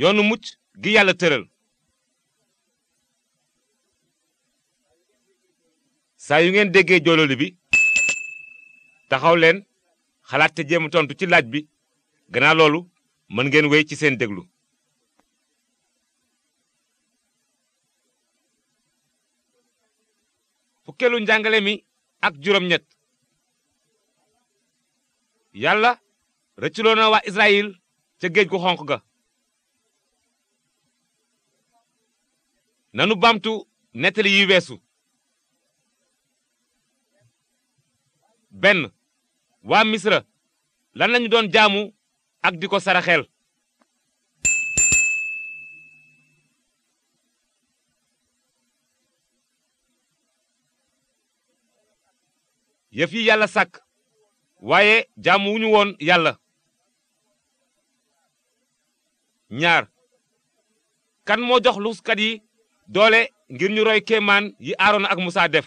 yoonu mucc gi yàlla tëral saa yu ngeen déggee joololi bi taxaw leen xalaat te jéem tontu ci laaj bi gannaaw loolu mën ngeen wéy ci seen déglu fukkeelu njàngale mi ak juróom-ñett yàlla rëcculoo na waa Israyil ca géej gu xonq ga nanu bamtu nettali yi weesu benn waa misra lan lañu doon jaamu ak di ko saraxeel yëf yi yàlla sàkk waaye jaamu wuñu woon yàlla ñaar kan moo jox luskat yi doole ngir ñu roy kéemaan yi Aarona ak Musaa def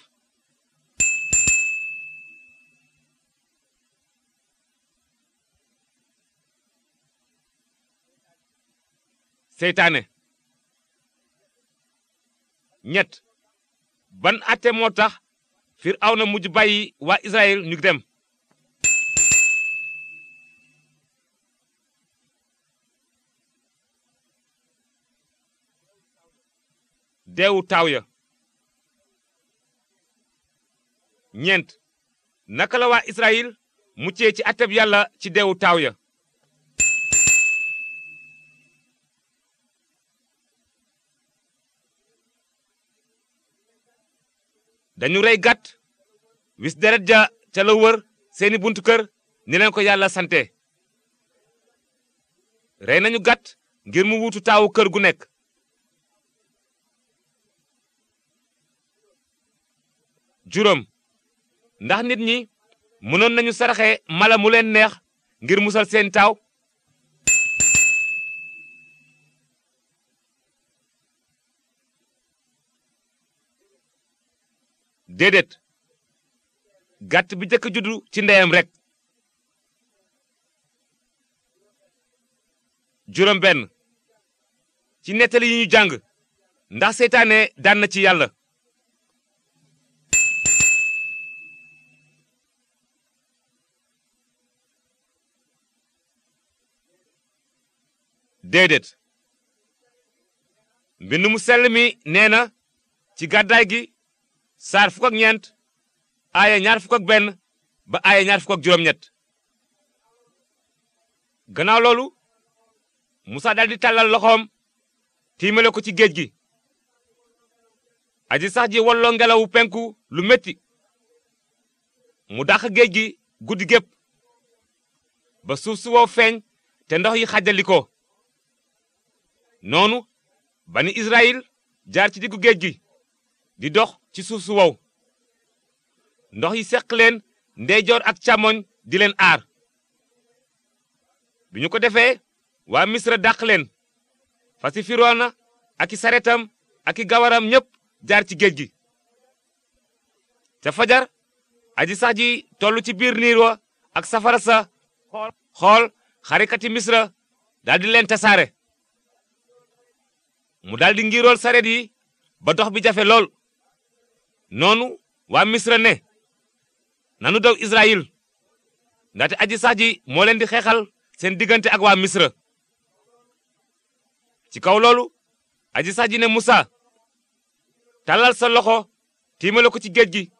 seytaane ñett ban atte moo tax na mujj bàyyi waa Israyil ñu dem deewu taaw ya ñeent naka la waa Israyil muccee ci atteb yàlla ci deewu taaw ya dañu rey gàtt wis deret ja ca la seeni bunt kër ni ko yàlla sante rey nañu gàtt ngir mu wuutu taawu kër gu nekk juróom ndax nit ñi mënoon nañu saraxe mala mu leen neex ngir musal seen taaw déedéet gàtt bi jëkk juddu ci ndeyam rek juróom ci nettali yi ñu jàng ndax seytaane daan na ci yàlla déedéet mbind mu sell mi nee na ci gàddaay gi saar fukk ak ñeent aaya ñaar fukk ak benn ba aaya ñaar fukk ak juróom-ñett gannaaw loolu musa daldi tàllal loxoom tiimale ko ci géej gi aji sax ji wolloo ngelawu penku lu metti mu dàq géej gi guddi gépp ba suuf si wow feeñ te ndox yi xàjjali ko noonu bani Israyil jaar ci diggu géej gi di dox ci suuf su wow ndox yi seq leen ndeyjoor ak càmmoñ di leen aar bi ñu ko defee waa misra dàq leen fasi firoona ak i saretam ak i gawaram ñépp jaar ci géej gi ca fajar aji sax ji tollu ci biir niir wa ak safara sa xool xarikati misra di leen tasaare mu daldi ngirool saret yi ba dox bi jafe lool noonu waa misra ne nanu daw israyil ndaxte aji sax moo leen di xeexal seen diggante ak waa misra ci kaw loolu aji sax ji ne musa tàllal sa loxo tiimale ko ci géej gi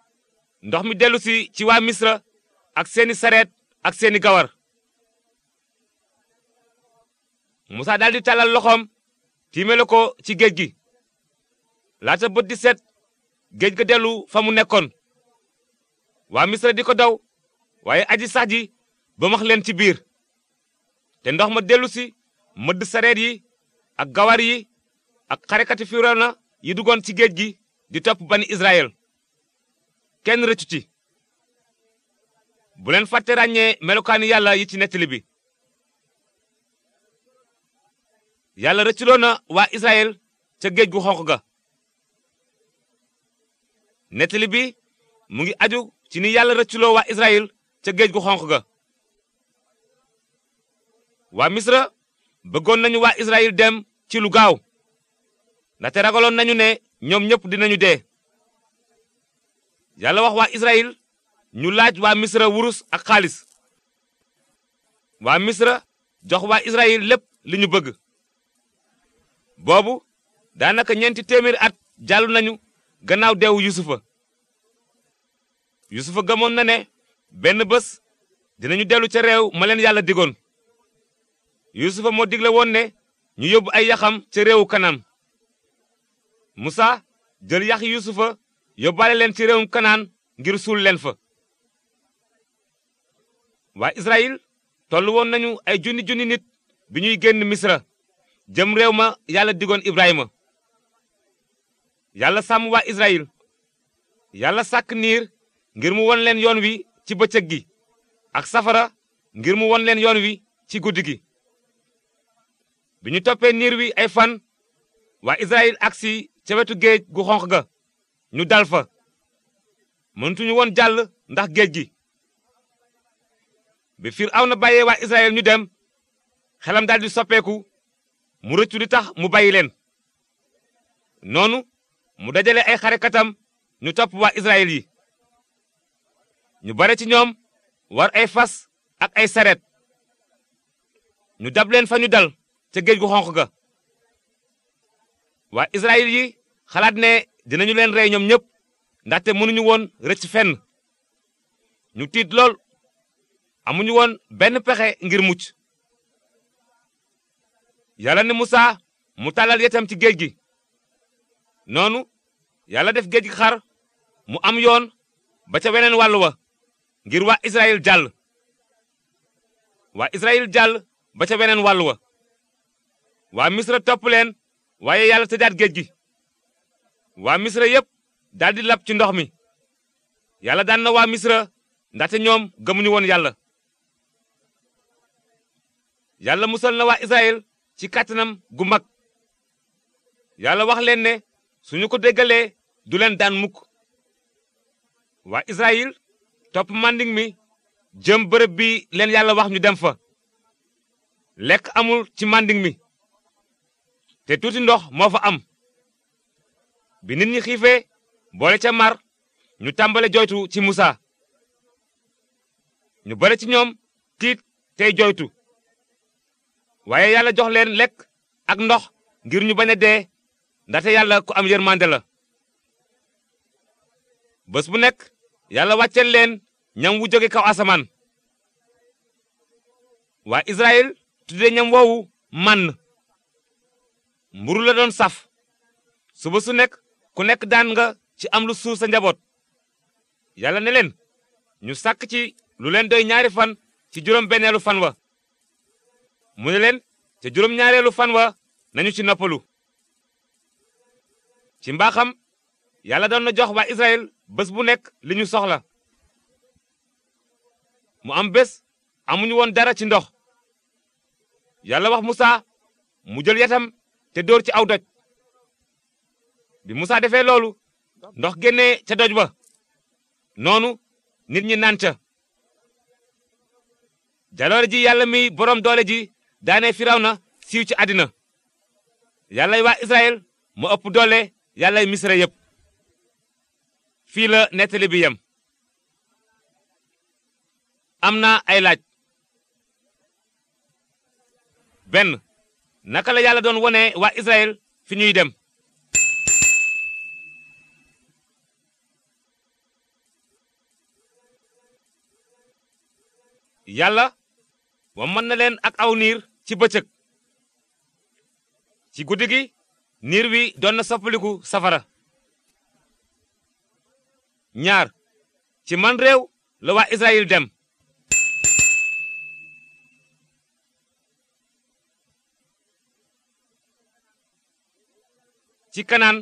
ndox mi dellusi ci waa misra ak seeni sareet ak seeni gawar musa daldi tàllal loxoom tiimale ko ci géej gi laata bët di set géej ga dellu fa mu nekkoon waa misra di ko daw waaye aji sax ji ba leen ci biir te ndox ma dellusi si mëdd sareet yi ak gawar yi ak xarekati Firawna yi duggoon ci géej gi di topp bani Israël kenn rëccu ci bu leen fàtte ràññee melokaani yàlla yi ci nettali bi yàlla rëcculoon na waa Israël ca géej gu xonq ga nettali bi mu ngi aju ci ni yàlla rëcculoo waa Israël ca géej gu xonq ga waa misra bëggoon nañu waa Israël dem ci lu gaaw ndaxte ragaloon nañu ne ñoom ñëpp dinañu dee yàlla wax waa Israël ñu laaj waa misra wurus ak xaalis waa misra jox waa Israël lépp li ñu bëgg boobu daanaka ñeenti téeméeri at jàll nañu gannaaw deewu yusufa yusufa gëmoon na ne benn bés dinañu dellu ca réew maleen leen yàlla digoon yusufa moo digle woon ne ñu yóbbu ay yaxam ca réewu kanaan musa jël yaxi yusufa yóbbaale leen ci réewum kanaan ngir suul leen fa waa israyil tollu woon nañu ay junni junni nit bi ñuy génn misra jëm réew ma yàlla digoon Ibrahima yàlla sàmm waa Israyil yàlla sàkk niir ngir mu won leen yoon wi ci bëccëg gi ak safara ngir mu won leen yoon wi ci guddi gi bi ñu toppee niir wi ay fan waa Israyil agsi ca wetu géej gu xonq ga ñu dal fa mëntuñu woon jàll ndax géej gi bi na bàyyee waa Israyil ñu dem xelam daldi soppeeku mu rëccu li tax mu bàyyi leen noonu mu dajale ay xarekatam ñu topp waa Israël yi ñu bare ci ñoom war ay fas ak ay saret ñu dab leen fa ñu dal ca géej gu xonq ga waa Israël yi xalaat ne dinañu leen rey ñoom ñépp ndaxte mënuñu woon rëcc fenn ñu tiit lool amuñu woon benn pexe ngir mucc yàlla ne musaa mu tàllal yetam ci géej gi noonu yàlla def géej gi xar mu am yoon ba ca weneen wàll wa ngir waa israyil jàll waa israyil jàll ba ca weneen wàll wa waa misra topp leen waaye yàlla tëjaat géej gi waa misra yépp daldi lab ci ndox mi yàlla daan na waa misra ndaxte ñoom gëmuñu woon yàlla ci kàttanam gu mag yàlla wax leen ne ñu ko déggalee du leen daan mukk waa Israyil topp manding mi jëm bërëb bi leen yàlla wax ñu dem fa lekk amul ci manding mi te tuuti ndox moo fa am bi nit ñi xiifee boole ca mar ñu tàmbale joytu ci Musa ñu bare ci ñoom tiit te joytu waaye yàlla jox leen lekk ak ndox ngir ñu bañ a dee ndaxte yàlla ku am yërmande la bës bu nekk yàlla wàcceel leen ñam wu jóge kaw asamaan waa Israël tuddee ñam woowu mànn mburu la doon saf suba su nekk ku nekk daan nga ci am lu suuf sa njaboot yàlla ne leen ñu sàkk ci lu leen doy ñaari fan ci juróom benneelu fan wa mu ne leen ca juróom-ñaareelu fan wa nañu ci noppalu ci mbaaxam yàlla doon na jox waa Israël bés bu nekk li ñu soxla mu am bés amuñu woon dara ci ndox yàlla wax Musaa mu jël yatam te dóor ci aw doj bi Musaa defee loolu ndox génnee ca doj wa noonu nit ñi naan ca jaloore yàlla mi boroom doole ji firaw na siiw ci àddina yàllay waa israel mu ëpp doole yàllay misre yépp fii la nettali bi yem am na ay laaj benn naka la yàlla doon wone waa israel fi ñuy dem yàlla wa mën na leen ak aw niir ci bëccëg ci guddi gi niir wi doon na soppaliku safara ñaar ci man réew la waa Israël dem ci kanaan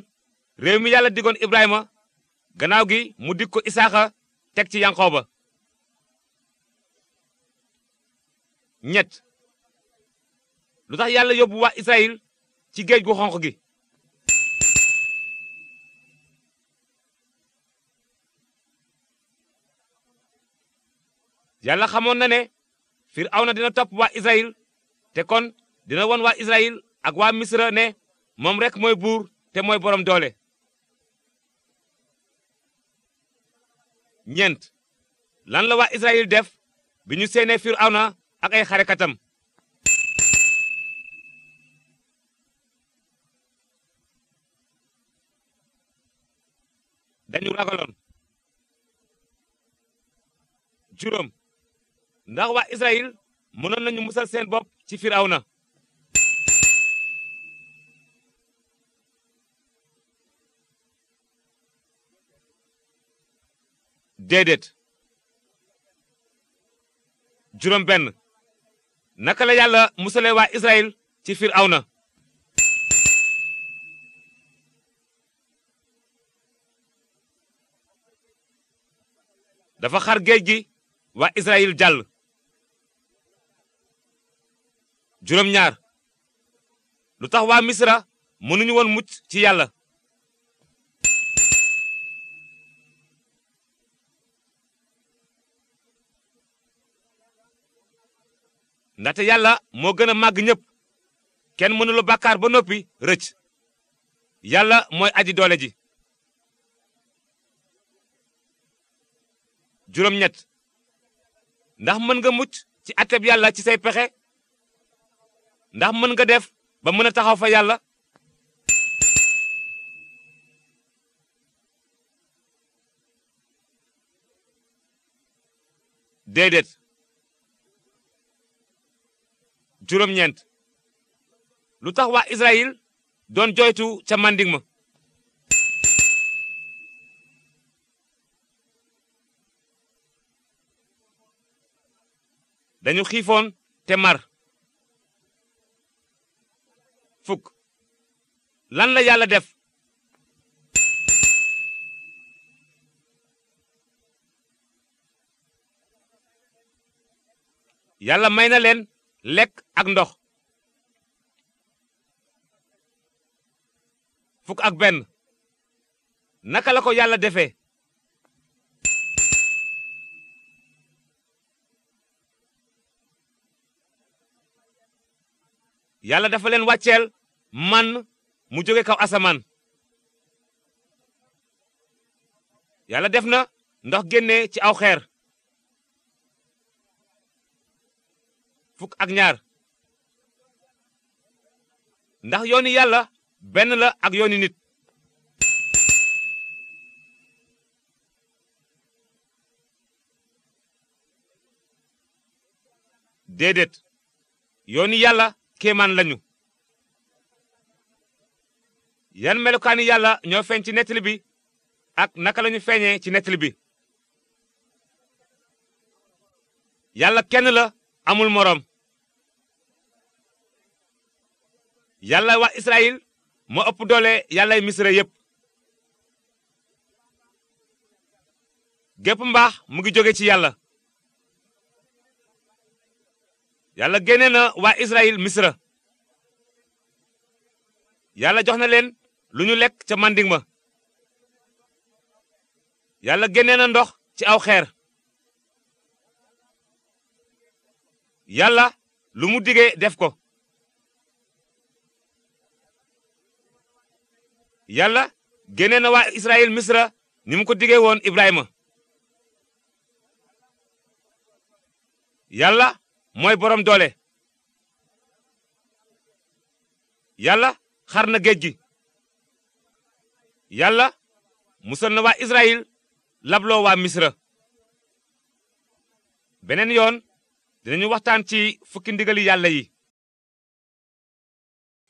réew mi yàlla digoon Ibrahima gannaaw gi mu dig ko Isaaxa teg ci Yanqooba ñett lu tax yàlla yóbbu waa Israël ci géej gu xonq gi. yàlla xamoon na ne Firawna dina topp waa Israël te kon dina won waa Israël ak waa Misra ne moom rek mooy buur te mooy boroom doole. ñeent lan la waa Israël def bi ñu séenee Firawna ak ay xarekatam dañu ragaloon juróom ndax waa Israël mënoon nañu musal seen bopp ci fiir Firawna déedéet juróom benn naka la yàlla musalee waa Israël ci fiir aw na dafa xar géej gi waa Israël jàll juróom lu tax waa misra mënuñu woon mucc ci yàlla ndaxte yàlla moo gën a màgg ñépp kenn mënulu bàkkaar ba noppi rëcc yàlla mooy aji doole ji juróom ndax mën nga mucc ci ateb yàlla ci say pexe ndax mën nga def ba mën a taxaw fa yàlla déedéet juróom lu tax waa Israël doon joytu ca manding ma dañu xiifoon te mar fukk lan la yàlla def yàlla may na leen lekk ak ndox fukk ak benn naka la ko yàlla defee yàlla dafa leen wàcceel man mu jóge kaw asamaan yàlla def na ndax génne ci aw xeer fukk ak ñaar ndax yooni yàlla benn la ak yooni nit déedéet yooni yàlla kéemaan lañu yan melukaani yàlla ñoo feeñ ci nettali bi ak naka lañu feeñee ci nettali bi yàlla kenn la amul moroom yàlla waa Israyil moo ëpp doole yàllay misra yépp gépp mbaax mu ngi jóge ci yàlla yàlla génne na waa Israël misra yàlla jox na leen lu ñu lekk ca manding ma yàlla génne na ndox ci aw xeer yàlla lu mu digee def ko yàlla génne na waa Israël misra ni mu ko digee woon Ibrahima yàlla mooy borom doole yàlla xar na géej gi yàlla musal na waa Israyil labloo waa Misra beneen yoon dinañu waxtaan ci fukki ndigali yàlla yi